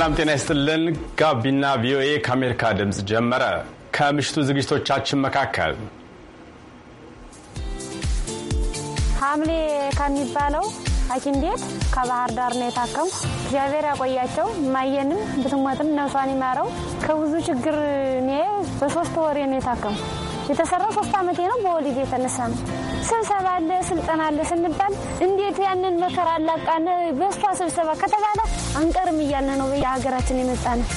ሰላም ጤና ይስጥልን። ጋቢና ቪኦኤ ከአሜሪካ ድምፅ ጀመረ። ከምሽቱ ዝግጅቶቻችን መካከል ሐምሌ ከሚባለው ሐኪም ቤት ከባህር ዳር ነው የታከሙ እግዚአብሔር ያቆያቸው። ማየንም ብትሞትም ነፍሷን ይማረው። ከብዙ ችግር እኔ በሶስት ወሬ ነው የታከሙ። የተሰራው ሶስት ዓመቴ ነው። በወሊድ የተነሳ ነው። ስብሰባ አለ፣ ስልጠና አለ ስንባል እንዴት ያንን መከራ አላቃነ በስቷ ስብሰባ ከተባለ አንቀርም እያለ ነው የሀገራችን የመጣ ነው።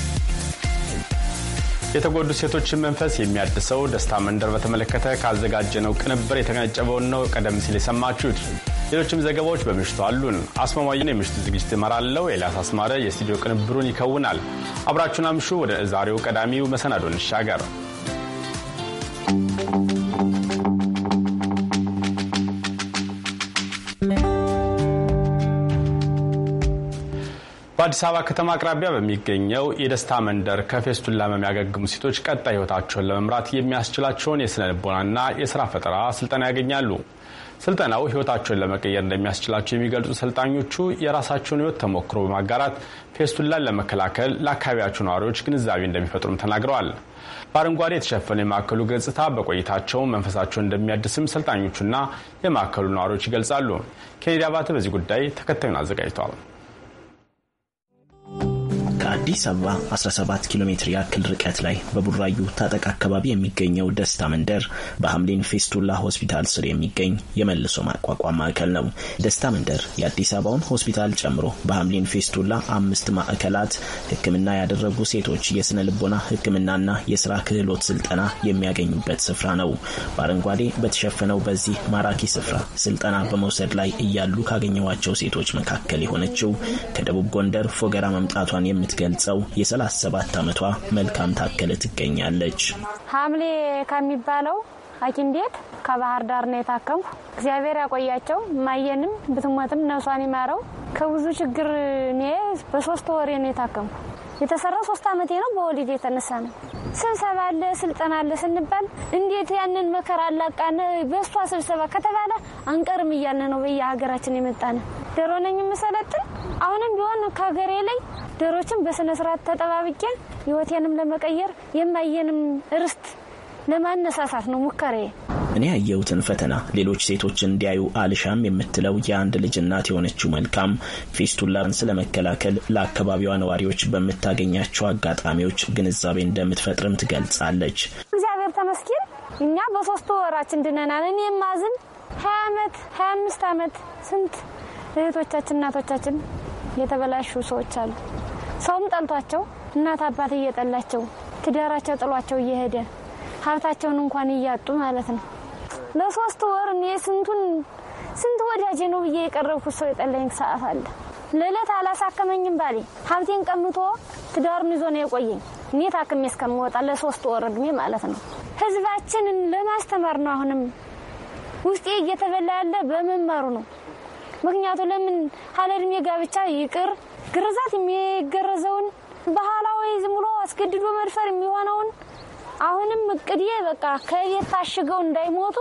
የተጎዱ ሴቶችን መንፈስ የሚያድሰው ደስታ መንደር በተመለከተ ካዘጋጀነው ቅንብር የተቀነጨበውን ነው ቀደም ሲል የሰማችሁት። ሌሎችም ዘገባዎች በምሽቱ አሉን። አስማማየን የምሽቱ ዝግጅት እመራለሁ። ኤልያስ አስማረ የስቱዲዮ ቅንብሩን ይከውናል። አብራችሁን አምሹ። ወደ ዛሬው ቀዳሚው መሰናዶ እንሻገር። በአዲስ አበባ ከተማ አቅራቢያ በሚገኘው የደስታ መንደር ከፌስቱላ ህመም ሴቶች ቀጣይ ህይወታቸውን ለመምራት የሚያስችላቸውን የስነ ልቦናና የስራ ፈጠራ ስልጠና ያገኛሉ። ስልጠናው ህይወታቸውን ለመቀየር እንደሚያስችላቸው የሚገልጹ ሰልጣኞቹ የራሳቸውን ህይወት ተሞክሮ በማጋራት ፌስቱላን ለመከላከል ለአካባቢያቸው ነዋሪዎች ግንዛቤ እንደሚፈጥሩም ተናግረዋል። በአረንጓዴ የተሸፈነ የማዕከሉ ገጽታ በቆይታቸው መንፈሳቸውን እንደሚያድስም ሰልጣኞቹና የማዕከሉ ነዋሪዎች ይገልጻሉ። ኬኔዲ አባተ በዚህ ጉዳይ ተከታዩን አዘጋጅተዋል። ከአዲስ አበባ 17 ኪሎ ሜትር ያክል ርቀት ላይ በቡራዩ ታጠቅ አካባቢ የሚገኘው ደስታ መንደር በሐምሊን ፌስቱላ ሆስፒታል ስር የሚገኝ የመልሶ ማቋቋም ማዕከል ነው። ደስታ መንደር የአዲስ አበባውን ሆስፒታል ጨምሮ በሐምሊን ፌስቱላ አምስት ማዕከላት ሕክምና ያደረጉ ሴቶች የስነ ልቦና ሕክምናና የስራ ክህሎት ስልጠና የሚያገኙበት ስፍራ ነው። በአረንጓዴ በተሸፈነው በዚህ ማራኪ ስፍራ ስልጠና በመውሰድ ላይ እያሉ ካገኘዋቸው ሴቶች መካከል የሆነችው ከደቡብ ጎንደር ፎገራ መምጣቷን የምትገ የምትገልጸው የ37 ዓመቷ መልካም ታከለ ትገኛለች። ሐምሌ ከሚባለው ሐኪም ቤት ከባህር ዳር ነው የታከምኩ። እግዚአብሔር ያቆያቸው ማየንም ብትሞትም ነፍሷን ይማረው። ከብዙ ችግር እኔ በሶስት ወሬ ነው የታከምኩ የተሰራ ሶስት ዓመቴ ነው። በወሊድ የተነሳ ነው። ስብሰባ አለ፣ ስልጠና አለ ስንባል እንዴት ያንን መከራ አላቃነ በእሷ ስብሰባ ከተባለ አንቀርም እያለ ነው በየሀገራችን የመጣ ነው። ዶሮ ነኝ የምሰለጥን አሁንም ቢሆን ከሀገሬ ላይ ዶሮችን በስነ ስርዓት ተጠባብቄ ህይወቴንም ለመቀየር የማየንም እርስት ለማነሳሳት ነው ሙከራዬ። እኔ ያየሁትን ፈተና ሌሎች ሴቶች እንዲያዩ አልሻም የምትለው የአንድ ልጅ እናት የሆነችው መልካም ፌስቱላን ስለመከላከል ለአካባቢዋ ነዋሪዎች በምታገኛቸው አጋጣሚዎች ግንዛቤ እንደምትፈጥርም ትገልጻለች። እግዚአብሔር ተመስገን እኛ በሶስቱ ወራችን ድነናል። እኔ የማዝን ሀያ ዓመት ሀያ አምስት ዓመት ስንት እህቶቻችን እናቶቻችን የተበላሹ ሰዎች አሉ። ሰውም ጠልቷቸው እናት አባት እየጠላቸው ትዳራቸው ጥሏቸው እየሄደ ሀብታቸውን እንኳን እያጡ ማለት ነው ለሶስት ወር እኔ ስንቱን ስንት ወዳጄ ነው ብዬ የቀረብኩት ሰው የጠላኝ ሰዓት አለ። ለዕለት አላሳከመኝም ባሌ ሀብቴን ቀምቶ ትዳሩን ይዞ ነው የቆየኝ። እኔ ታክሜ እስከምወጣ ለሶስት ወር እድሜ ማለት ነው። ህዝባችንን ለማስተማር ነው አሁንም ውስጤ እየተበላ ያለ በመማሩ ነው። ምክንያቱ ለምን ያለ እድሜ ጋብቻ ይቅር ግርዛት የሚገረዘውን ባህላዊ ዝም ብሎ አስገድዶ መድፈር የሚሆነውን አሁንም እቅዴ በቃ ከቤት ታሽገው እንዳይሞቱ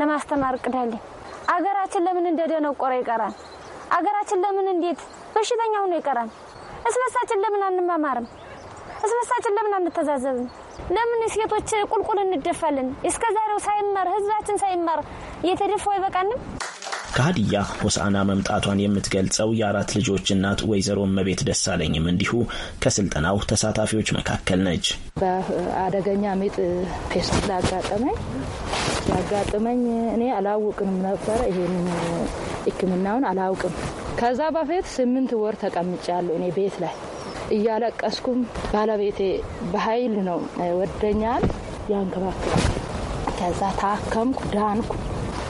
ለማስተማር ቅዳለኝ። አገራችን ለምን እንደደነቆረ ይቀራል? አገራችን ለምን እንዴት በሽተኛ ሆኖ ይቀራል? እስበሳችን ለምን አንማማርም? እስበሳችን ለምን አንተዛዘብም? ለምን ሴቶች ቁልቁል እንደፋለን? እስከዛሬው ሳይማር ህዝባችን ሳይማር እየተደፋው አይበቃንም? ከሀዲያ ሆሳና መምጣቷን የምትገልጸው የአራት ልጆች እናት ወይዘሮ እመቤት ደሳለኝም እንዲሁ ከስልጠናው ተሳታፊዎች መካከል ነች። በአደገኛ ሚጥ ፔስት አጋጠመኝ ያጋጥመኝ እኔ አላውቅንም ነበረ። ይሄን ሕክምናውን አላውቅም። ከዛ በፊት ስምንት ወር ተቀምጫለሁ እኔ ቤት ላይ እያለቀስኩም ባለቤቴ በኃይል ነው ወደኛል ያንከባክባል። ከዛ ታከምኩ ዳንኩ።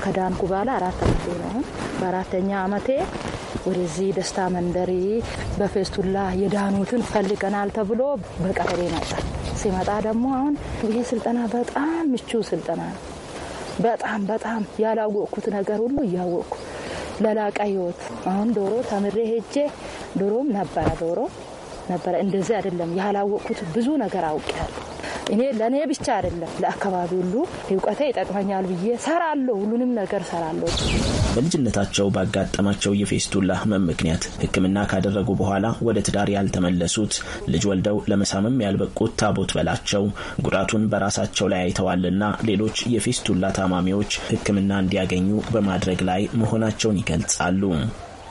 ከዳንኩ በኋላ አራት አመቴ ነው። በአራተኛ አመቴ ወደዚህ ደስታ መንደሪ በፌስቱላ የዳኑትን ፈልገናል ተብሎ በቀበሌ መጣ። ሲመጣ ደግሞ አሁን ይሄ ስልጠና በጣም ምቹ ስልጠና ነው። በጣም በጣም ያላወቅኩት ነገር ሁሉ እያወቅኩ ለላቀ ህይወት አሁን ዶሮ ተምሬ ሄጄ ዶሮም ነበረ ዶሮ ነበረ እንደዚህ አይደለም ያላወቅኩት ብዙ ነገር አውቄያለሁ። እኔ ለእኔ ብቻ አይደለም ለአካባቢ ሁሉ እውቀቴ ይጠቅመኛል ብዬ ሰራለሁ። ሁሉንም ነገር ሰራለሁ። በልጅነታቸው ባጋጠማቸው የፌስቱላ ህመም ምክንያት ሕክምና ካደረጉ በኋላ ወደ ትዳር ያልተመለሱት ልጅ ወልደው ለመሳመም ያልበቁት ታቦት በላቸው ጉዳቱን በራሳቸው ላይ አይተዋልና ሌሎች የፌስቱላ ታማሚዎች ሕክምና እንዲያገኙ በማድረግ ላይ መሆናቸውን ይገልጻሉ።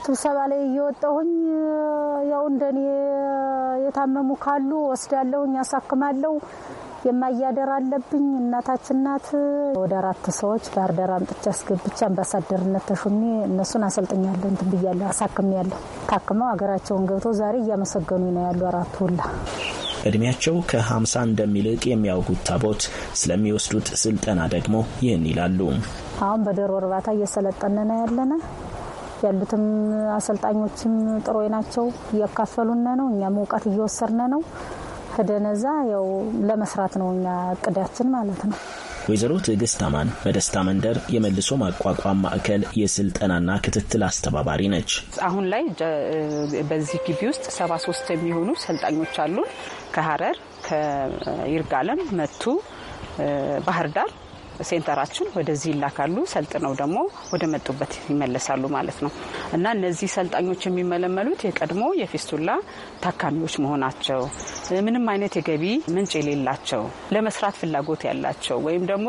ስብሰባ ላይ እየወጣሁኝ ያው እንደኔ የታመሙ ካሉ ወስዳለሁኝ፣ ያሳክማለሁ የማያደር አለብኝ እናታችን ናት። ወደ አራት ሰዎች ባህር ዳር አምጥቼ አስገብቼ አምባሳደርነት ተሾሜ እነሱን አሰልጥኛለሁ፣ እንትን ብያለሁ፣ አሳክሜያለሁ። ታክመው ሀገራቸውን ገብተው ዛሬ እያመሰገኑ ነው ያሉ አራቱ ሁላ እድሜያቸው ከ50 እንደሚልቅ የሚያውጉት ታቦት ስለሚወስዱት ስልጠና ደግሞ ይህን ይላሉ። አሁን በዶሮ እርባታ እየሰለጠንን ያለነ ያሉትም አሰልጣኞችም ጥሩ ናቸው፣ እያካፈሉነ ነው። እኛም እውቀት እየወሰድን ነው። ከደነዛ ያው ለመስራት ነው እኛ እቅዳችን ማለት ነው። ወይዘሮ ትዕግስት አማን በደስታ መንደር የመልሶ ማቋቋም ማዕከል የስልጠናና ክትትል አስተባባሪ ነች። አሁን ላይ በዚህ ግቢ ውስጥ ሰባ ሶስት የሚሆኑ ሰልጣኞች አሉን። ከሀረር ከይርጋለም፣ መቱ፣ ባህር ዳር ሴንተራችን ወደዚህ ይላካሉ። ሰልጥነው ደግሞ ወደ መጡበት ይመለሳሉ ማለት ነው እና እነዚህ ሰልጣኞች የሚመለመሉት የቀድሞ የፊስቱላ ታካሚዎች መሆናቸው፣ ምንም አይነት የገቢ ምንጭ የሌላቸው፣ ለመስራት ፍላጎት ያላቸው ወይም ደግሞ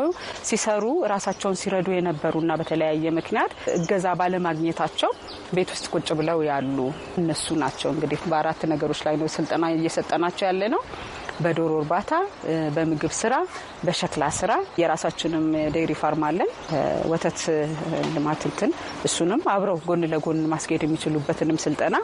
ሲሰሩ ራሳቸውን ሲረዱ የነበሩና በተለያየ ምክንያት እገዛ ባለማግኘታቸው ቤት ውስጥ ቁጭ ብለው ያሉ እነሱ ናቸው። እንግዲህ በአራት ነገሮች ላይ ነው ስልጠና እየሰጠናቸው ያለ ነው። በዶሮ እርባታ፣ በምግብ ስራ፣ በሸክላ ስራ የራሳችንም ዴይሪ ፋርም አለን። ወተት ልማት እንትን እሱንም አብረው ጎን ለጎን ማስጌድ የሚችሉበትንም ስልጠና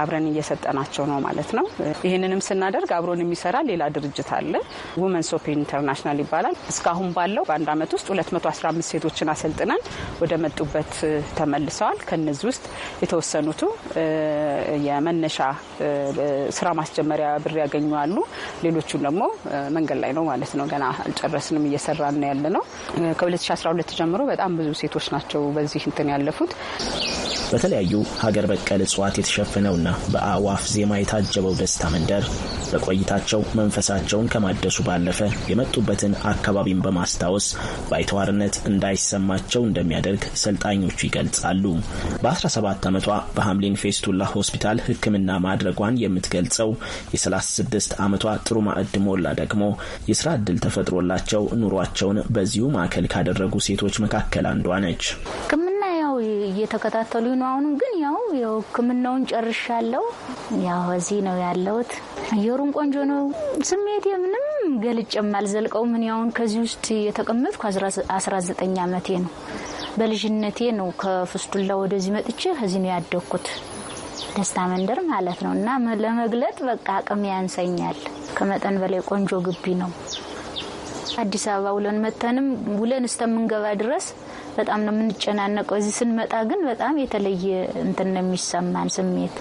አብረን እየሰጠናቸው ነው ማለት ነው። ይህንንም ስናደርግ አብሮን የሚሰራ ሌላ ድርጅት አለ። ውመንስ ኦፕ ኢንተርናሽናል ይባላል። እስካሁን ባለው በአንድ አመት ውስጥ 215 ሴቶችን አሰልጥነን ወደ መጡበት ተመልሰዋል። ከነዚህ ውስጥ የተወሰኑቱ የመነሻ ስራ ማስጀመሪያ ብር ያገኙ አሉ። ሌሎቹን ደግሞ መንገድ ላይ ነው ማለት ነው። ገና አልጨረስንም፣ እየሰራን ያለ ነው። ከ2012 ጀምሮ በጣም ብዙ ሴቶች ናቸው በዚህ እንትን ያለፉት። በተለያዩ ሀገር በቀል እጽዋት የተሸፈነውና በአእዋፍ ዜማ የታጀበው ደስታ መንደር በቆይታቸው መንፈሳቸውን ከማደሱ ባለፈ የመጡበትን አካባቢን በማስታወስ ባይተዋርነት እንዳይሰማቸው እንደሚያደርግ ሰልጣኞቹ ይገልጻሉ። በ17 ዓመቷ በሐምሊን ፌስቱላ ሆስፒታል ሕክምና ማድረጓን የምትገልጸው የ36 ዓመቷ ጥሩ በጥሩ ማዕድ ሞላ ደግሞ የስራ እድል ተፈጥሮላቸው ኑሯቸውን በዚሁ ማዕከል ካደረጉ ሴቶች መካከል አንዷ ነች። ሕክምና ያው እየተከታተሉ ነው። አሁንም ግን ያው ሕክምናውን ጨርሻለሁ። ያው እዚህ ነው ያለሁት። አየሩን ቆንጆ ነው። ስሜቴ ምንም ገልጬም አልዘልቀው። ምን ያውን ከዚህ ውስጥ የተቀመጥኩ 19 ዓመቴ ነው። በልጅነቴ ነው ከፍስቱላ ወደዚህ መጥቼ እዚህ ነው ያደግኩት። ደስታ መንደር ማለት ነው እና ለመግለጥ በቃ አቅም ያንሰኛል። ከመጠን በላይ ቆንጆ ግቢ ነው። አዲስ አበባ ውለን መተንም ውለን እስከምንገባ ድረስ በጣም ነው የምንጨናነቀው። እዚህ ስንመጣ ግን በጣም የተለየ እንትን ነው የሚሰማን ስሜት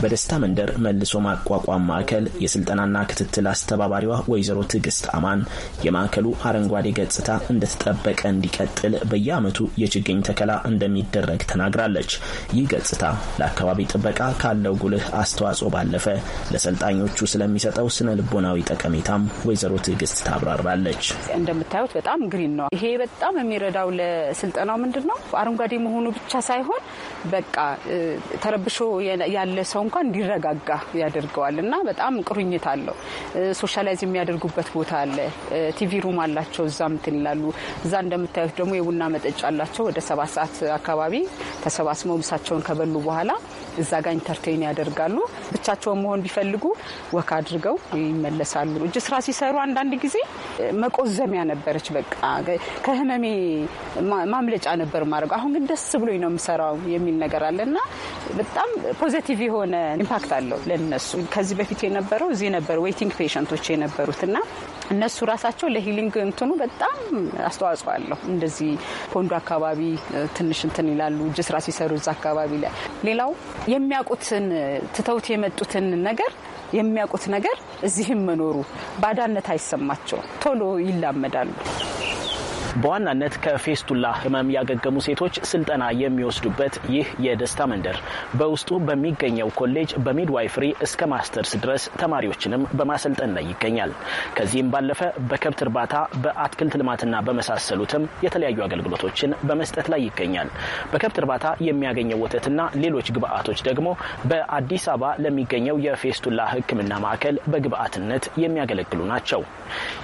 በደስታ መንደር መልሶ ማቋቋም ማዕከል የስልጠናና ክትትል አስተባባሪዋ ወይዘሮ ትዕግስት አማን የማዕከሉ አረንጓዴ ገጽታ እንደተጠበቀ እንዲቀጥል በየዓመቱ የችግኝ ተከላ እንደሚደረግ ተናግራለች። ይህ ገጽታ ለአካባቢ ጥበቃ ካለው ጉልህ አስተዋጽኦ ባለፈ ለሰልጣኞቹ ስለሚሰጠው ስነ ልቦናዊ ጠቀሜታም ወይዘሮ ትዕግስት ታብራራለች። እንደምታዩት በጣም ግሪን ነው። ይሄ በጣም የሚረዳው ለስልጠናው ምንድን ነው አረንጓዴ መሆኑ ብቻ ሳይሆን በቃ ተረብሾ ያለ ሰው እንኳ እንዲረጋጋ ያደርገዋል እና በጣም ቁርኝት አለው። ሶሻላይዝ የሚያደርጉበት ቦታ አለ። ቲቪ ሩም አላቸው። እዛ ምትን ይላሉ። እዛ እንደምታዩት ደግሞ የቡና መጠጫ አላቸው። ወደ ሰባት ሰዓት አካባቢ ተሰባስበው ምሳቸውን ከበሉ በኋላ እዛ ጋር ኢንተርቴን ያደርጋሉ። ብቻቸውን መሆን ቢፈልጉ ወክ አድርገው ይመለሳሉ። እጅ ስራ ሲሰሩ አንዳንድ ጊዜ መቆዘሚያ ነበረች። በቃ ከህመሜ ማምለጫ ነበር ማድረገው፣ አሁን ግን ደስ ብሎኝ ነው የምሰራው የሚል ነገር አለ እና በጣም ፖዘቲቭ የሆነ ኢምፓክት አለው ለነሱ። ከዚህ በፊት የነበረው እዚህ ነበር ዌይቲንግ ፔሸንቶች የነበሩት እና እነሱ ራሳቸው ለሂሊንግ እንትኑ በጣም አስተዋጽኦ አለው። እንደዚህ ኮንዶ አካባቢ ትንሽ እንትን ይላሉ እጅ ስራ ሲሰሩ እዛ አካባቢ ላይ ሌላው የሚያውቁትን ትተውት የመጡትን ነገር የሚያውቁት ነገር እዚህም መኖሩ ባዳነት አይሰማቸውም፣ ቶሎ ይላመዳሉ። በዋናነት ከፌስቱላ ህመም ያገገሙ ሴቶች ስልጠና የሚወስዱበት ይህ የደስታ መንደር በውስጡ በሚገኘው ኮሌጅ በሚድዋይፍሪ እስከ ማስተርስ ድረስ ተማሪዎችንም በማሰልጠን ላይ ይገኛል። ከዚህም ባለፈ በከብት እርባታ፣ በአትክልት ልማትና በመሳሰሉትም የተለያዩ አገልግሎቶችን በመስጠት ላይ ይገኛል። በከብት እርባታ የሚያገኘው ወተትና ሌሎች ግብአቶች ደግሞ በአዲስ አበባ ለሚገኘው የፌስቱላ ህክምና ማዕከል በግብአትነት የሚያገለግሉ ናቸው።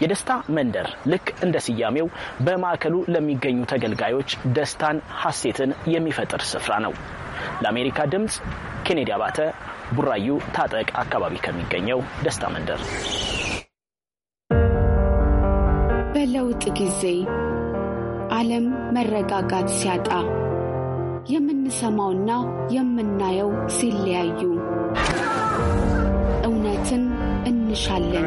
የደስታ መንደር ልክ እንደ ስያሜው በ በማዕከሉ ለሚገኙ ተገልጋዮች ደስታን፣ ሐሴትን የሚፈጥር ስፍራ ነው። ለአሜሪካ ድምፅ ኬኔዲ አባተ ቡራዩ ታጠቅ አካባቢ ከሚገኘው ደስታ መንደር። በለውጥ ጊዜ ዓለም መረጋጋት ሲያጣ የምንሰማውና የምናየው ሲለያዩ እውነትን እንሻለን።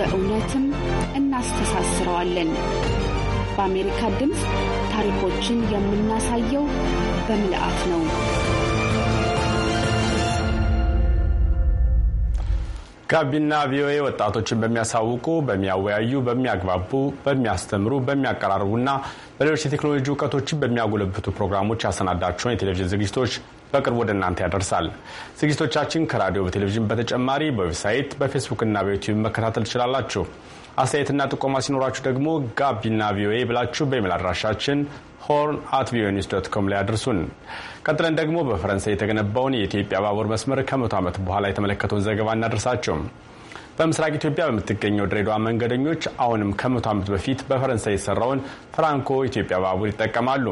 በእውነትም እናስተሳስረዋለን። በአሜሪካ ድምፅ ታሪኮችን የምናሳየው በምልአት ነው። ጋቢና ቪኦኤ ወጣቶችን በሚያሳውቁ፣ በሚያወያዩ፣ በሚያግባቡ፣ በሚያስተምሩ፣ በሚያቀራርቡና በሌሎች የቴክኖሎጂ እውቀቶችን በሚያጎለብቱ ፕሮግራሞች ያሰናዳቸውን የቴሌቪዥን ዝግጅቶች በቅርቡ ወደ እናንተ ያደርሳል። ዝግጅቶቻችን ከራዲዮ በቴሌቪዥን በተጨማሪ በዌብሳይት በፌስቡክና በዩቲዩብ መከታተል ትችላላችሁ። አስተያየትና ጥቆማ ሲኖራችሁ ደግሞ ጋቢና ቪኦኤ ብላችሁ በኢሜል አድራሻችን ሆርን አት ቪኦኤ ኒውስ ዶት ኮም ላይ አድርሱን። ቀጥለን ደግሞ በፈረንሳይ የተገነባውን የኢትዮጵያ ባቡር መስመር ከመቶ ዓመት በኋላ የተመለከተውን ዘገባ እናደርሳቸው። በምስራቅ ኢትዮጵያ በምትገኘው ድሬዳዋ መንገደኞች አሁንም ከመቶ ዓመት በፊት በፈረንሳይ የተሰራውን ፍራንኮ ኢትዮጵያ ባቡር ይጠቀማሉ።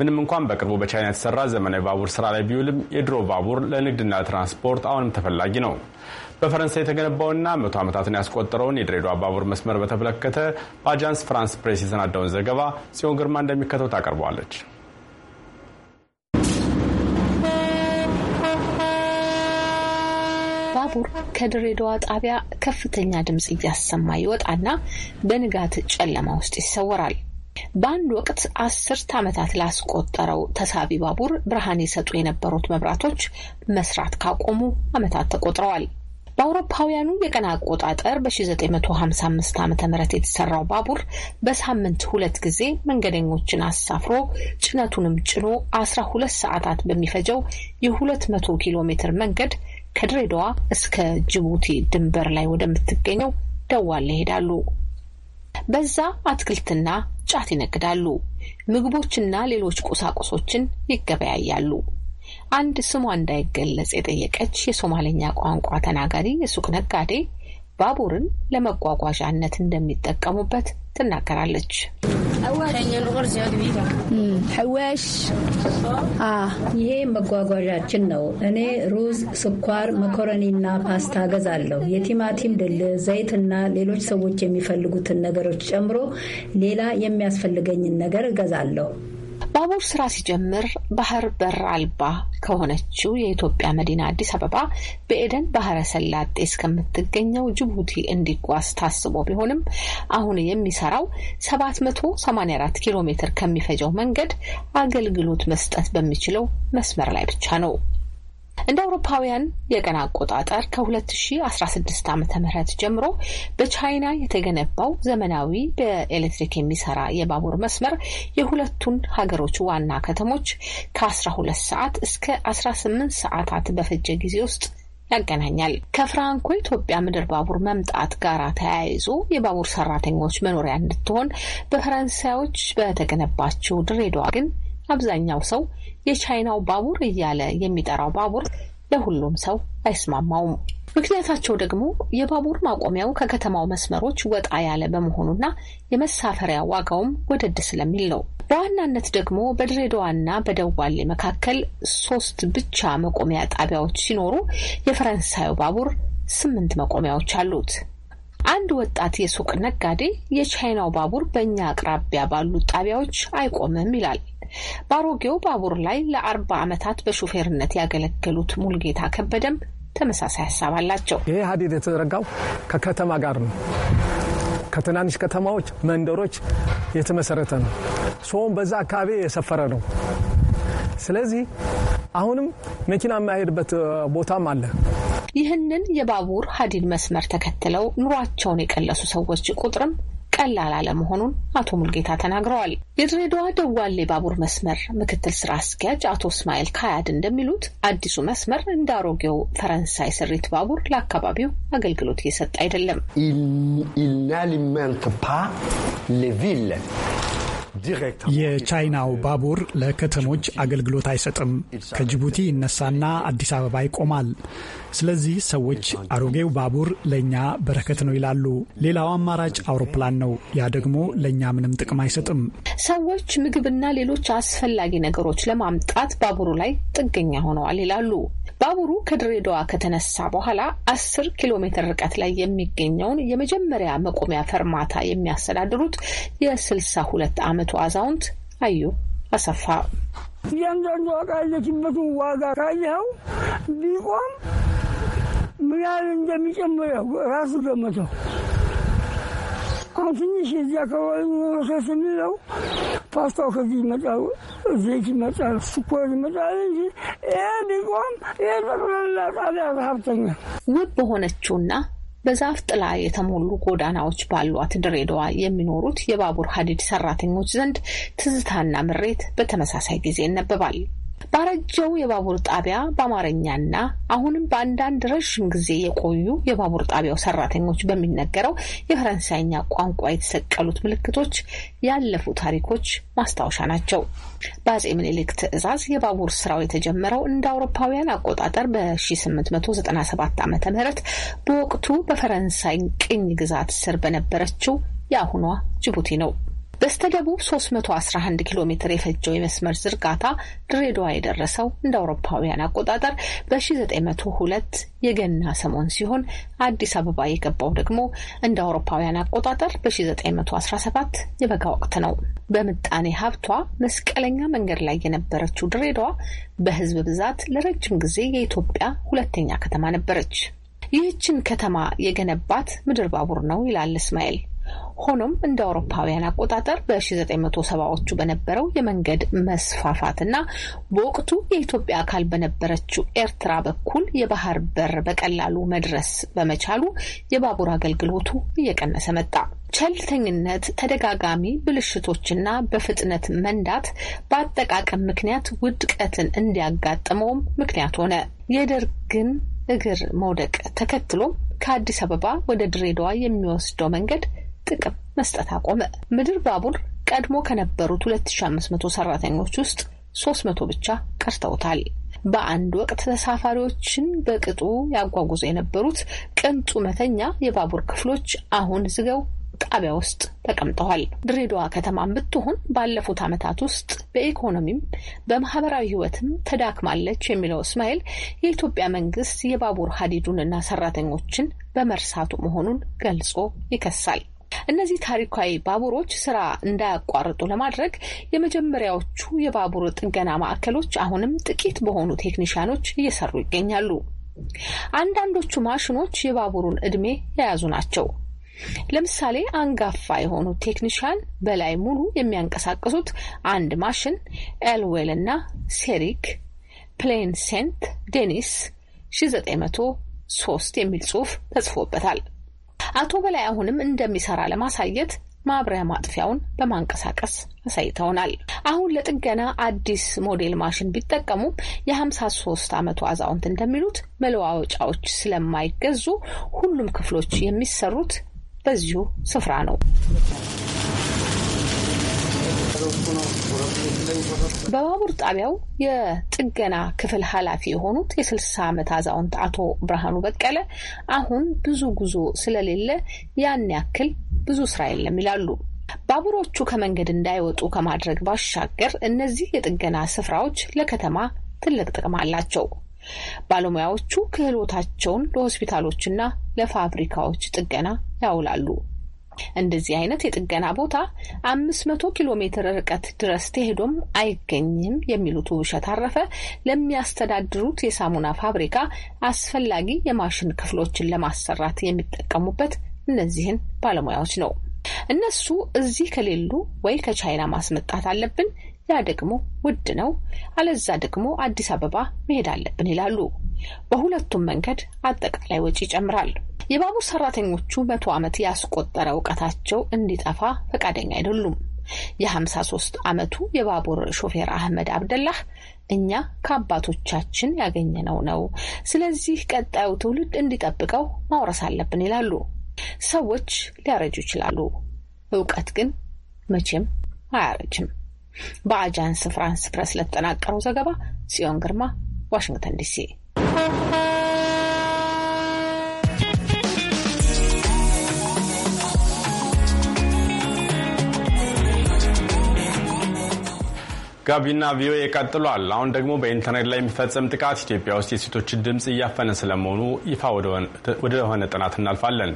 ምንም እንኳን በቅርቡ በቻይና የተሰራ ዘመናዊ ባቡር ስራ ላይ ቢውልም የድሮ ባቡር ለንግድና ትራንስፖርት አሁንም ተፈላጊ ነው። በፈረንሳይ የተገነባውና መቶ ዓመታትን ያስቆጠረውን የድሬዳዋ ባቡር መስመር በተመለከተ በአጃንስ ፍራንስ ፕሬስ የተሰናዳውን ዘገባ ጽዮን ግርማ እንደሚከተው ታቀርበዋለች። ባቡር ከድሬዳዋ ጣቢያ ከፍተኛ ድምፅ እያሰማ ይወጣና በንጋት ጨለማ ውስጥ ይሰወራል። በአንድ ወቅት አስርት ዓመታት ላስቆጠረው ተሳቢ ባቡር ብርሃን የሰጡ የነበሩት መብራቶች መስራት ካቆሙ ዓመታት ተቆጥረዋል። በአውሮፓውያኑ የቀን አቆጣጠር በ1955 ዓ ም የተሰራው ባቡር በሳምንት ሁለት ጊዜ መንገደኞችን አሳፍሮ ጭነቱንም ጭኖ 12 ሰዓታት በሚፈጀው የ200 ኪሎ ሜትር መንገድ ከድሬዳዋ እስከ ጅቡቲ ድንበር ላይ ወደምትገኘው ደዋል ይሄዳሉ። በዛ አትክልትና ጫት ይነግዳሉ፣ ምግቦችና ሌሎች ቁሳቁሶችን ይገበያያሉ። አንድ ስሟ እንዳይገለጽ የጠየቀች የሶማሌኛ ቋንቋ ተናጋሪ የሱቅ ነጋዴ ባቡርን ለመጓጓዣነት እንደሚጠቀሙበት ትናገራለች። ሐዋሽ ይሄ መጓጓዣችን ነው። እኔ ሩዝ፣ ስኳር፣ መኮረኒና ፓስታ ገዛለሁ። የቲማቲም ድል፣ ዘይትና ሌሎች ሰዎች የሚፈልጉትን ነገሮች ጨምሮ ሌላ የሚያስፈልገኝን ነገር እገዛለሁ። ባቡር ስራ ሲጀምር ባህር በር አልባ ከሆነችው የኢትዮጵያ መዲና አዲስ አበባ በኤደን ባህረ ሰላጤ እስከምትገኘው ጅቡቲ እንዲጓዝ ታስቦ ቢሆንም አሁን የሚሰራው 784 ኪሎ ሜትር ከሚፈጀው መንገድ አገልግሎት መስጠት በሚችለው መስመር ላይ ብቻ ነው። እንደ አውሮፓውያን የቀን አቆጣጠር ከ2016 ዓ ም ጀምሮ በቻይና የተገነባው ዘመናዊ በኤሌክትሪክ የሚሰራ የባቡር መስመር የሁለቱን ሀገሮች ዋና ከተሞች ከ12 ሰዓት እስከ 18 ሰዓታት በፈጀ ጊዜ ውስጥ ያገናኛል። ከፍራንኮ ኢትዮጵያ ምድር ባቡር መምጣት ጋር ተያይዞ የባቡር ሰራተኞች መኖሪያ እንድትሆን በፈረንሳዮች በተገነባቸው ድሬዳዋ ግን አብዛኛው ሰው የቻይናው ባቡር እያለ የሚጠራው ባቡር ለሁሉም ሰው አይስማማውም። ምክንያታቸው ደግሞ የባቡር ማቆሚያው ከከተማው መስመሮች ወጣ ያለ በመሆኑና የመሳፈሪያ ዋጋውም ወደድ ስለሚል ነው። በዋናነት ደግሞ በድሬዳዋና በደዋሌ መካከል ሶስት ብቻ መቆሚያ ጣቢያዎች ሲኖሩ የፈረንሳዩ ባቡር ስምንት መቆሚያዎች አሉት። አንድ ወጣት የሱቅ ነጋዴ የቻይናው ባቡር በእኛ አቅራቢያ ባሉት ጣቢያዎች አይቆምም ይላል። በአሮጌው ባቡር ላይ ለአርባ ዓመታት በሹፌርነት ያገለገሉት ሙልጌታ ከበደም ተመሳሳይ ሀሳብ አላቸው። ይህ ሀዲድ የተዘረጋው ከከተማ ጋር ነው። ከትናንሽ ከተማዎች፣ መንደሮች የተመሰረተ ነው። ሰውም በዛ አካባቢ የሰፈረ ነው። ስለዚህ አሁንም መኪና የማይሄድበት ቦታም አለ። ይህንን የባቡር ሀዲድ መስመር ተከትለው ኑሯቸውን የቀለሱ ሰዎች ቁጥርም ቀላል አለመሆኑን አቶ ሙልጌታ ተናግረዋል። የድሬዳዋ ደዋሌ ባቡር መስመር ምክትል ስራ አስኪያጅ አቶ እስማኤል ካያድ እንደሚሉት አዲሱ መስመር እንደ አሮጌው ፈረንሳይ ስሪት ባቡር ለአካባቢው አገልግሎት እየሰጠ አይደለም። የቻይናው ባቡር ለከተሞች አገልግሎት አይሰጥም። ከጅቡቲ ይነሳና አዲስ አበባ ይቆማል። ስለዚህ ሰዎች አሮጌው ባቡር ለእኛ በረከት ነው ይላሉ። ሌላው አማራጭ አውሮፕላን ነው። ያ ደግሞ ለእኛ ምንም ጥቅም አይሰጥም። ሰዎች ምግብና ሌሎች አስፈላጊ ነገሮች ለማምጣት ባቡሩ ላይ ጥገኛ ሆነዋል ይላሉ። ባቡሩ ከድሬዳዋ ከተነሳ በኋላ አስር ኪሎ ሜትር ርቀት ላይ የሚገኘውን የመጀመሪያ መቆሚያ ፈርማታ የሚያስተዳድሩት የስልሳ ሁለት ዓመቱ አዛውንት አዩ አሰፋ እያንዳንዱ እቃ ያለችበትን ዋጋ ካየኸው ቢቆም ምን ያህል እንደሚጨምር ራሱ ገመተው። አሁን ትንሽ እዚህ አካባቢ መሰስ የሚለው ፓስታው ከዚህ ይመጣል፣ ዘይት ይመጣል፣ ስኳር ይመጣል እንጂ ይህ ቢቆም ይህ ጠቅላላ ጣቢያ ረሀብተኛ ውብ በሆነችውና በዛፍ ጥላ የተሞሉ ጎዳናዎች ባሏት ድሬዳዋ የሚኖሩት የባቡር ሀዲድ ሰራተኞች ዘንድ ትዝታና ምሬት በተመሳሳይ ጊዜ ይነበባል። ባረጀው የባቡር ጣቢያ በአማርኛና አሁንም በአንዳንድ ረዥም ጊዜ የቆዩ የባቡር ጣቢያው ሰራተኞች በሚነገረው የፈረንሳይኛ ቋንቋ የተሰቀሉት ምልክቶች ያለፉ ታሪኮች ማስታወሻ ናቸው። በአጼ ምኒልክ ትዕዛዝ የባቡር ስራው የተጀመረው እንደ አውሮፓውያን አቆጣጠር በ1897 ዓ ም በወቅቱ በፈረንሳይ ቅኝ ግዛት ስር በነበረችው የአሁኗ ጅቡቲ ነው። በስተደቡብ 311 ኪሎ ሜትር የፈጀው የመስመር ዝርጋታ ድሬዳዋ የደረሰው እንደ አውሮፓውያን አቆጣጠር በ1902 የገና ሰሞን ሲሆን አዲስ አበባ የገባው ደግሞ እንደ አውሮፓውያን አቆጣጠር በ1917 የበጋ ወቅት ነው። በምጣኔ ሀብቷ መስቀለኛ መንገድ ላይ የነበረችው ድሬዳዋ በሕዝብ ብዛት ለረጅም ጊዜ የኢትዮጵያ ሁለተኛ ከተማ ነበረች። ይህችን ከተማ የገነባት ምድር ባቡር ነው ይላል እስማኤል። ሆኖም እንደ አውሮፓውያን አቆጣጠር በ1970ዎቹ በነበረው የመንገድ መስፋፋትና በወቅቱ የኢትዮጵያ አካል በነበረችው ኤርትራ በኩል የባህር በር በቀላሉ መድረስ በመቻሉ የባቡር አገልግሎቱ እየቀነሰ መጣ። ቸልተኝነት፣ ተደጋጋሚ ብልሽቶችና በፍጥነት መንዳት በአጠቃቀም ምክንያት ውድቀትን እንዲያጋጥመውም ምክንያት ሆነ። የደርግን እግር መውደቅ ተከትሎም ከአዲስ አበባ ወደ ድሬዳዋ የሚወስደው መንገድ ጥቅም መስጠት አቆመ። ምድር ባቡር ቀድሞ ከነበሩት 2500 ሰራተኞች ውስጥ 300 ብቻ ቀርተውታል። በአንድ ወቅት ተሳፋሪዎችን በቅጡ ያጓጉዘ የነበሩት ቅንጡ መተኛ የባቡር ክፍሎች አሁን ዝገው ጣቢያ ውስጥ ተቀምጠዋል። ድሬዳዋ ከተማም ብትሆን ባለፉት ዓመታት ውስጥ በኢኮኖሚም በማህበራዊ ሕይወትም ተዳክማለች የሚለው እስማኤል የኢትዮጵያ መንግስት የባቡር ሀዲዱንና ሰራተኞችን በመርሳቱ መሆኑን ገልጾ ይከሳል። እነዚህ ታሪካዊ ባቡሮች ስራ እንዳያቋርጡ ለማድረግ የመጀመሪያዎቹ የባቡር ጥገና ማዕከሎች አሁንም ጥቂት በሆኑ ቴክኒሽያኖች እየሰሩ ይገኛሉ። አንዳንዶቹ ማሽኖች የባቡሩን ዕድሜ የያዙ ናቸው። ለምሳሌ አንጋፋ የሆኑ ቴክኒሽያን በላይ ሙሉ የሚያንቀሳቅሱት አንድ ማሽን ኤልዌል እና ሴሪክ ፕሌን ሴንት ዴኒስ 1903 የሚል ጽሑፍ ተጽፎበታል። አቶ በላይ አሁንም እንደሚሰራ ለማሳየት ማብሪያ ማጥፊያውን በማንቀሳቀስ አሳይተውናል። አሁን ለጥገና አዲስ ሞዴል ማሽን ቢጠቀሙም የ53 ዓመቱ አዛውንት እንደሚሉት መለዋወጫዎች ስለማይገዙ ሁሉም ክፍሎች የሚሰሩት በዚሁ ስፍራ ነው። በባቡር ጣቢያው የጥገና ክፍል ኃላፊ የሆኑት የስልሳ ዓመት አዛውንት አቶ ብርሃኑ በቀለ አሁን ብዙ ጉዞ ስለሌለ ያን ያክል ብዙ ስራ የለም ይላሉ። ባቡሮቹ ከመንገድ እንዳይወጡ ከማድረግ ባሻገር እነዚህ የጥገና ስፍራዎች ለከተማ ትልቅ ጥቅም አላቸው። ባለሙያዎቹ ክህሎታቸውን ለሆስፒታሎችና ለፋብሪካዎች ጥገና ያውላሉ። እንደዚህ አይነት የጥገና ቦታ አምስት መቶ ኪሎ ሜትር ርቀት ድረስ ተሄዶም አይገኝም የሚሉት ውብሸት አረፈ ለሚያስተዳድሩት የሳሙና ፋብሪካ አስፈላጊ የማሽን ክፍሎችን ለማሰራት የሚጠቀሙበት እነዚህን ባለሙያዎች ነው። እነሱ እዚህ ከሌሉ ወይ ከቻይና ማስመጣት አለብን፣ ያ ደግሞ ውድ ነው፣ አለዛ ደግሞ አዲስ አበባ መሄድ አለብን ይላሉ። በሁለቱም መንገድ አጠቃላይ ወጪ ይጨምራል። የባቡር ሰራተኞቹ መቶ ዓመት ያስቆጠረ እውቀታቸው እንዲጠፋ ፈቃደኛ አይደሉም። የ53 ዓመቱ የባቡር ሾፌር አህመድ አብደላህ እኛ ከአባቶቻችን ያገኘነው ነው፣ ስለዚህ ቀጣዩ ትውልድ እንዲጠብቀው ማውረስ አለብን ይላሉ። ሰዎች ሊያረጁ ይችላሉ፣ እውቀት ግን መቼም አያረጅም። በአጃንስ ፍራንስ ፕረስ ለተጠናቀረው ዘገባ ጽዮን ግርማ፣ ዋሽንግተን ዲሲ ጋቢና ቪኦኤ ቀጥሏል። አሁን ደግሞ በኢንተርኔት ላይ የሚፈጸም ጥቃት ኢትዮጵያ ውስጥ የሴቶችን ድምፅ እያፈነ ስለመሆኑ ይፋ ወደሆነ ጥናት እናልፋለን።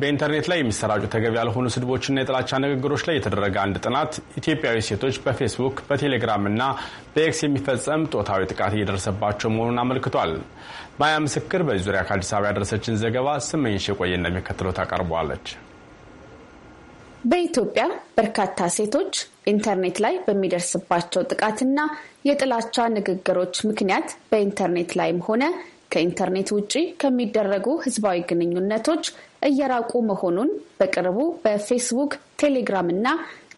በኢንተርኔት ላይ የሚሰራጩ ተገቢ ያልሆኑ ስድቦችና የጥላቻ ንግግሮች ላይ የተደረገ አንድ ጥናት ኢትዮጵያዊ ሴቶች በፌስቡክ በቴሌግራም እና በኤክስ የሚፈጸም ጾታዊ ጥቃት እየደረሰባቸው መሆኑን አመልክቷል። ማያ ምስክር በዚህ ዙሪያ ከአዲስ አበባ ያደረሰችን ዘገባ ስመኝሽ የቆየ እንደሚከተለው ታቀርበዋለች። በኢትዮጵያ በርካታ ሴቶች ኢንተርኔት ላይ በሚደርስባቸው ጥቃትና የጥላቻ ንግግሮች ምክንያት በኢንተርኔት ላይም ሆነ ከኢንተርኔት ውጪ ከሚደረጉ ህዝባዊ ግንኙነቶች እየራቁ መሆኑን በቅርቡ በፌስቡክ፣ ቴሌግራም እና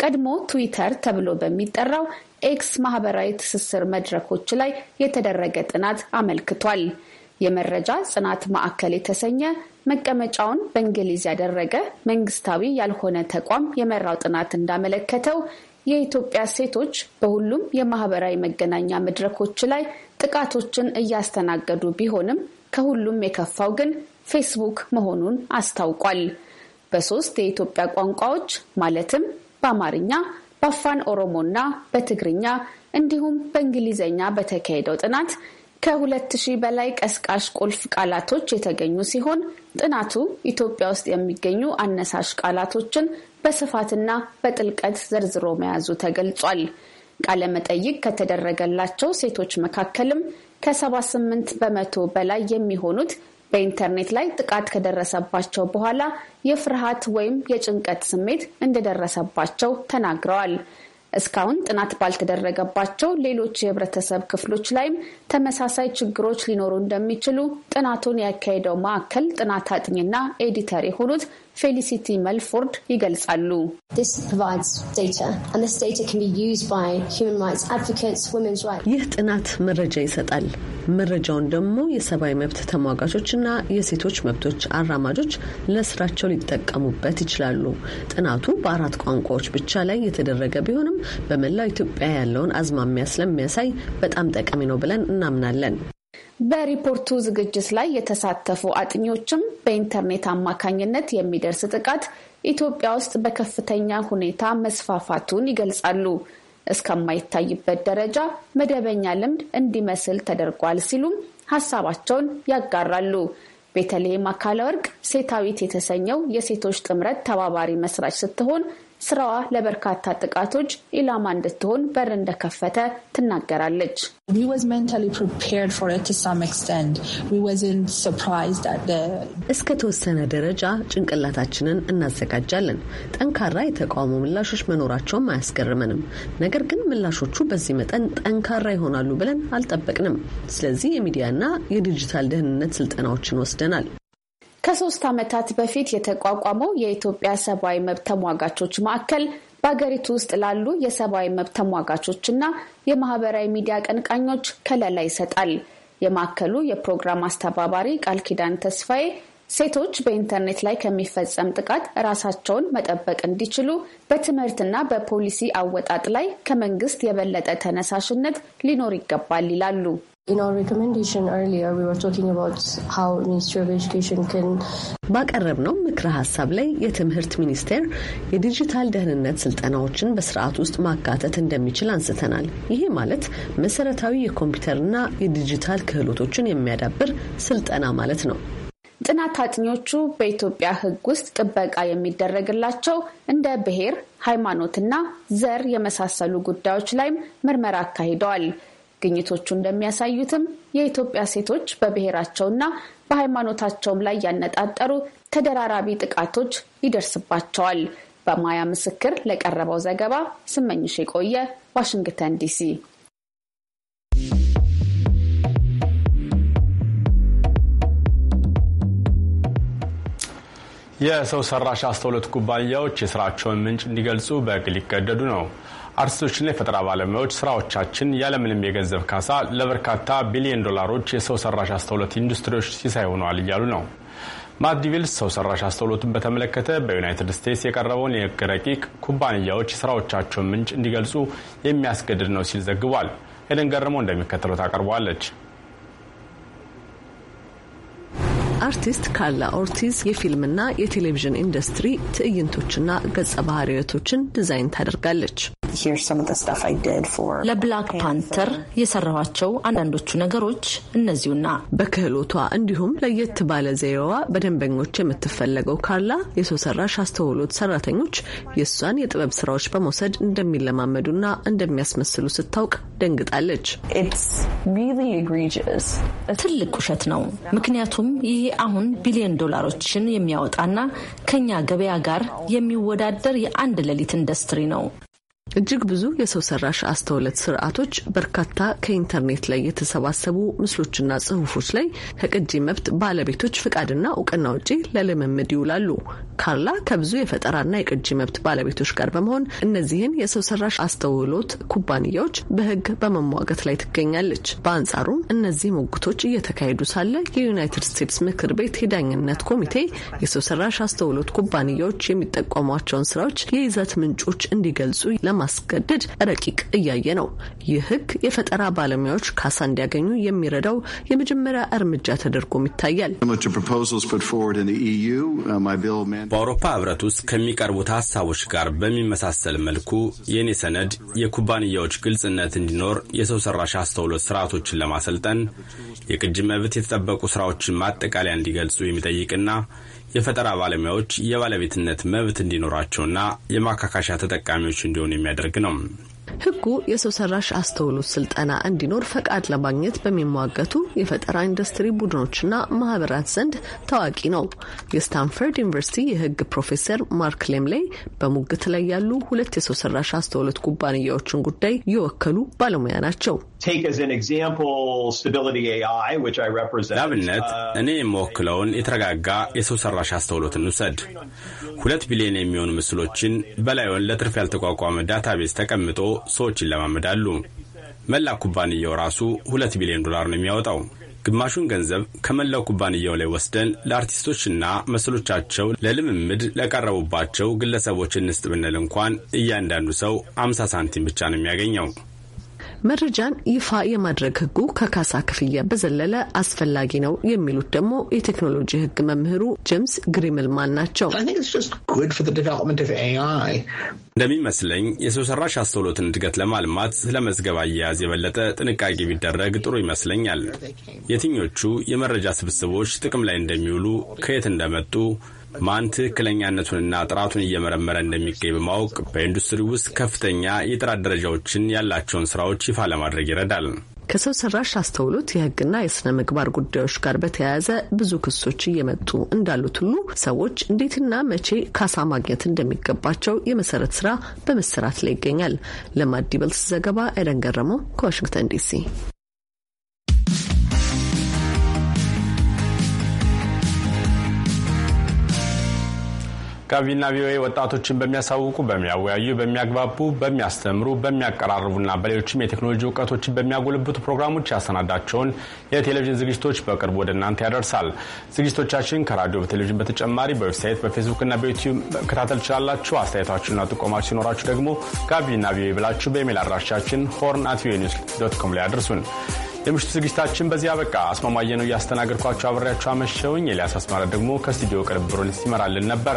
ቀድሞ ትዊተር ተብሎ በሚጠራው ኤክስ ማህበራዊ ትስስር መድረኮች ላይ የተደረገ ጥናት አመልክቷል። የመረጃ ጽናት ማዕከል የተሰኘ መቀመጫውን በእንግሊዝ ያደረገ መንግስታዊ ያልሆነ ተቋም የመራው ጥናት እንዳመለከተው የኢትዮጵያ ሴቶች በሁሉም የማህበራዊ መገናኛ መድረኮች ላይ ጥቃቶችን እያስተናገዱ ቢሆንም ከሁሉም የከፋው ግን ፌስቡክ መሆኑን አስታውቋል። በሶስት የኢትዮጵያ ቋንቋዎች ማለትም በአማርኛ፣ በአፋን ኦሮሞና በትግርኛ እንዲሁም በእንግሊዝኛ በተካሄደው ጥናት ከሁለት ሺህ በላይ ቀስቃሽ ቁልፍ ቃላቶች የተገኙ ሲሆን ጥናቱ ኢትዮጵያ ውስጥ የሚገኙ አነሳሽ ቃላቶችን በስፋትና በጥልቀት ዘርዝሮ መያዙ ተገልጿል። ቃለመጠይቅ ከተደረገላቸው ሴቶች መካከልም ከ78 በመቶ በላይ የሚሆኑት በኢንተርኔት ላይ ጥቃት ከደረሰባቸው በኋላ የፍርሃት ወይም የጭንቀት ስሜት እንደደረሰባቸው ተናግረዋል። እስካሁን ጥናት ባልተደረገባቸው ሌሎች የህብረተሰብ ክፍሎች ላይም ተመሳሳይ ችግሮች ሊኖሩ እንደሚችሉ ጥናቱን ያካሄደው ማዕከል ጥናት አጥኚና ኤዲተር የሆኑት ፌሊሲቲ መልፎርድ ይገልጻሉ። ይህ ጥናት መረጃ ይሰጣል። መረጃውን ደግሞ የሰብአዊ መብት ተሟጋቾችና የሴቶች መብቶች አራማጆች ለስራቸው ሊጠቀሙበት ይችላሉ። ጥናቱ በአራት ቋንቋዎች ብቻ ላይ የተደረገ ቢሆንም በመላው ኢትዮጵያ ያለውን አዝማሚያ ስለሚያሳይ በጣም ጠቃሚ ነው ብለን እናምናለን። በሪፖርቱ ዝግጅት ላይ የተሳተፉ አጥኚዎችም በኢንተርኔት አማካኝነት የሚደርስ ጥቃት ኢትዮጵያ ውስጥ በከፍተኛ ሁኔታ መስፋፋቱን ይገልጻሉ። እስከማይታይበት ደረጃ መደበኛ ልምድ እንዲመስል ተደርጓል ሲሉም ሀሳባቸውን ያጋራሉ። ቤተልሔም አካለ ወርቅ ሴታዊት የተሰኘው የሴቶች ጥምረት ተባባሪ መስራች ስትሆን ስራዋ ለበርካታ ጥቃቶች ኢላማ እንድትሆን በር እንደከፈተ ትናገራለች። ተወሰነ ደረጃ ጭንቅላታችንን እናዘጋጃለን። ጠንካራ የተቃውሞ ምላሾች መኖራቸውም አያስገርመንም። ነገር ግን ምላሾቹ በዚህ መጠን ጠንካራ ይሆናሉ ብለን አልጠበቅንም። ስለዚህ የሚዲያና የዲጂታል ደህንነት ስልጠናዎችን ወስደናል። ከሶስት ዓመታት በፊት የተቋቋመው የኢትዮጵያ ሰብአዊ መብት ተሟጋቾች ማዕከል በሀገሪቱ ውስጥ ላሉ የሰብአዊ መብት ተሟጋቾችና የማህበራዊ ሚዲያ ቀንቃኞች ከለላ ይሰጣል። የማዕከሉ የፕሮግራም አስተባባሪ ቃል ኪዳን ተስፋዬ ሴቶች በኢንተርኔት ላይ ከሚፈጸም ጥቃት ራሳቸውን መጠበቅ እንዲችሉ በትምህርትና በፖሊሲ አወጣጥ ላይ ከመንግስት የበለጠ ተነሳሽነት ሊኖር ይገባል ይላሉ። ባቀረብነው ምክረ ሀሳብ ላይ የትምህርት ሚኒስቴር የዲጂታል ደህንነት ስልጠናዎችን በስርዓት ውስጥ ማካተት እንደሚችል አንስተናል። ይሄ ማለት መሰረታዊ የኮምፒውተርና የዲጂታል ክህሎቶችን የሚያዳብር ስልጠና ማለት ነው። ጥናት አጥኚዎቹ በኢትዮጵያ ሕግ ውስጥ ጥበቃ የሚደረግላቸው እንደ ብሔር፣ ሃይማኖትና ዘር የመሳሰሉ ጉዳዮች ላይም ምርመራ አካሂደዋል። ግኝቶቹ እንደሚያሳዩትም የኢትዮጵያ ሴቶች በብሔራቸውና በሃይማኖታቸውም ላይ ያነጣጠሩ ተደራራቢ ጥቃቶች ይደርስባቸዋል። በማያ ምስክር ለቀረበው ዘገባ ስመኝሽ የቆየ ዋሽንግተን ዲሲ። የሰው ሰራሽ አስተውሎት ኩባንያዎች የስራቸውን ምንጭ እንዲገልጹ በግል ሊገደዱ ነው። አርቲስቶችና የፈጠራ ባለሙያዎች ስራዎቻችን ያለምንም የገንዘብ ካሳ ለበርካታ ቢሊዮን ዶላሮች የሰው ሰራሽ አስተውሎት ኢንዱስትሪዎች ሲሳይ ሆነዋል እያሉ ነው። ማዲቪል ሰው ሰራሽ አስተውሎቱን በተመለከተ በዩናይትድ ስቴትስ የቀረበውን የህግ ረቂቅ ኩባንያዎች የስራዎቻቸውን ምንጭ እንዲገልጹ የሚያስገድድ ነው ሲል ዘግቧል። ኤደን ገርመው እንደሚከተለው ታቀርበዋለች። አርቲስት ካርላ ኦርቲዝ የፊልምና የቴሌቪዥን ኢንዱስትሪ ትዕይንቶችና ገጸ ባህሪያቶችን ዲዛይን ታደርጋለች። ለብላክ ፓንተር የሰራኋቸው አንዳንዶቹ ነገሮች እነዚሁና በክህሎቷ እንዲሁም ለየት ባለ ዘዬዋ በደንበኞች የምትፈለገው ካርላ የሰው ሰራሽ አስተውሎት ሰራተኞች የእሷን የጥበብ ስራዎች በመውሰድ እንደሚለማመዱና እንደሚያስመስሉ ስታውቅ ደንግጣለች። ትልቅ ውሸት ነው፣ ምክንያቱም ይህ አሁን ቢሊዮን ዶላሮችን የሚያወጣና ከኛ ገበያ ጋር የሚወዳደር የአንድ ሌሊት ኢንዱስትሪ ነው። እጅግ ብዙ የሰው ሰራሽ አስተውለት ስርዓቶች በርካታ ከኢንተርኔት ላይ የተሰባሰቡ ምስሎችና ጽሁፎች ላይ ከቅጂ መብት ባለቤቶች ፍቃድና እውቅና ውጪ ለልምምድ ይውላሉ። ካርላ ከብዙ የፈጠራና የቅጂ መብት ባለቤቶች ጋር በመሆን እነዚህን የሰው ሰራሽ አስተውሎት ኩባንያዎች በህግ በመሟገት ላይ ትገኛለች። በአንጻሩም እነዚህ ሞግቶች እየተካሄዱ ሳለ የዩናይትድ ስቴትስ ምክር ቤት የዳኝነት ኮሚቴ የሰው ሰራሽ አስተውሎት ኩባንያዎች የሚጠቀሟቸውን ስራዎች የይዘት ምንጮች እንዲገልጹ ለማ የሚያስገድድ ረቂቅ እያየ ነው። ይህ ህግ የፈጠራ ባለሙያዎች ካሳ እንዲያገኙ የሚረዳው የመጀመሪያ እርምጃ ተደርጎም ይታያል። በአውሮፓ ህብረት ውስጥ ከሚቀርቡት ሀሳቦች ጋር በሚመሳሰል መልኩ የእኔ ሰነድ የኩባንያዎች ግልጽነት እንዲኖር የሰው ሰራሽ አስተውሎት ስርዓቶችን ለማሰልጠን የቅጂ መብት የተጠበቁ ስራዎችን ማጠቃለያ እንዲገልጹ የሚጠይቅና የፈጠራ ባለሙያዎች የባለቤትነት መብት እንዲኖራቸውና የማካካሻ ተጠቃሚዎች እንዲሆኑ የሚያደርግ ነው። ህጉ የሰው ሰራሽ አስተውሎት ስልጠና እንዲኖር ፈቃድ ለማግኘት በሚሟገቱ የፈጠራ ኢንዱስትሪ ቡድኖችና ማህበራት ዘንድ ታዋቂ ነው። የስታንፈርድ ዩኒቨርሲቲ የህግ ፕሮፌሰር ማርክ ሌምሌይ በሙግት ላይ ያሉ ሁለት የሰው ሰራሽ አስተውሎት ኩባንያዎችን ጉዳይ የወከሉ ባለሙያ ናቸው። ለአብነት እኔ የምወክለውን የተረጋጋ የሰው ሰራሽ አስተውሎት እንውሰድ። ሁለት ቢሊዮን የሚሆኑ ምስሎችን በላዩን ለትርፍ ያልተቋቋመ ዳታቤዝ ተቀምጦ ሰዎች ይለማመዳሉ። መላ ኩባንያው ራሱ ሁለት ቢሊዮን ዶላር ነው የሚያወጣው። ግማሹን ገንዘብ ከመላው ኩባንያው ላይ ወስደን ለአርቲስቶችና መሰሎቻቸው ለልምምድ ለቀረቡባቸው ግለሰቦች እንስጥ ብንል እንኳን እያንዳንዱ ሰው አምሳ ሳንቲም ብቻ ነው የሚያገኘው። መረጃን ይፋ የማድረግ ህጉ ከካሳ ክፍያ በዘለለ አስፈላጊ ነው የሚሉት ደግሞ የቴክኖሎጂ ህግ መምህሩ ጀምስ ግሪምልማን ናቸው። እንደሚመስለኝ የሰው ሰራሽ አስተውሎትን እድገት ለማልማት ስለ መዝገብ አያያዝ የበለጠ ጥንቃቄ ቢደረግ ጥሩ ይመስለኛል። የትኞቹ የመረጃ ስብስቦች ጥቅም ላይ እንደሚውሉ ከየት እንደመጡ ማን ትክክለኛነቱንና ጥራቱን እየመረመረ እንደሚገኝ በማወቅ በኢንዱስትሪ ውስጥ ከፍተኛ የጥራት ደረጃዎችን ያላቸውን ስራዎች ይፋ ለማድረግ ይረዳል። ከሰው ሰራሽ አስተውሎት የሕግና የስነ ምግባር ጉዳዮች ጋር በተያያዘ ብዙ ክሶች እየመጡ እንዳሉት ሁሉ ሰዎች እንዴትና መቼ ካሳ ማግኘት እንደሚገባቸው የመሰረት ስራ በመሰራት ላይ ይገኛል። ለማዲበልስ ዘገባ ኤደን ገረመው ከዋሽንግተን ዲሲ ጋቢና ቪኦኤ ወጣቶችን በሚያሳውቁ፣ በሚያወያዩ፣ በሚያግባቡ፣ በሚያስተምሩ፣ በሚያቀራርቡና በሌሎችም የቴክኖሎጂ እውቀቶችን በሚያጎልብቱ ፕሮግራሞች ያሰናዳቸውን የቴሌቪዥን ዝግጅቶች በቅርቡ ወደ እናንተ ያደርሳል። ዝግጅቶቻችን ከራዲዮ በቴሌቪዥን በተጨማሪ በዌብሳይት በፌስቡክና በዩቲዩብ መከታተል ትችላላችሁ። አስተያየታችሁና ጥቆማችሁ ሲኖራችሁ ደግሞ ጋቢና ቪኦኤ ብላችሁ በኢሜል አድራሻችን ሆርን አት ቪኦኤ ኒውስ ዶት ኮም ላይ አድርሱን። የምሽቱ ዝግጅታችን በዚህ አበቃ። አስማማየ ነው እያስተናገድኳቸው አብሬያቸው አመሸውኝ። ኤልያስ አስማረ ደግሞ ከስቱዲዮ ቅንብሩን ሲመራልን ነበረ።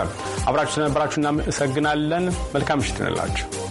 አብራችሁ ስለነበራችሁ እናመሰግናለን። መልካም ምሽት ይሆንላችሁ።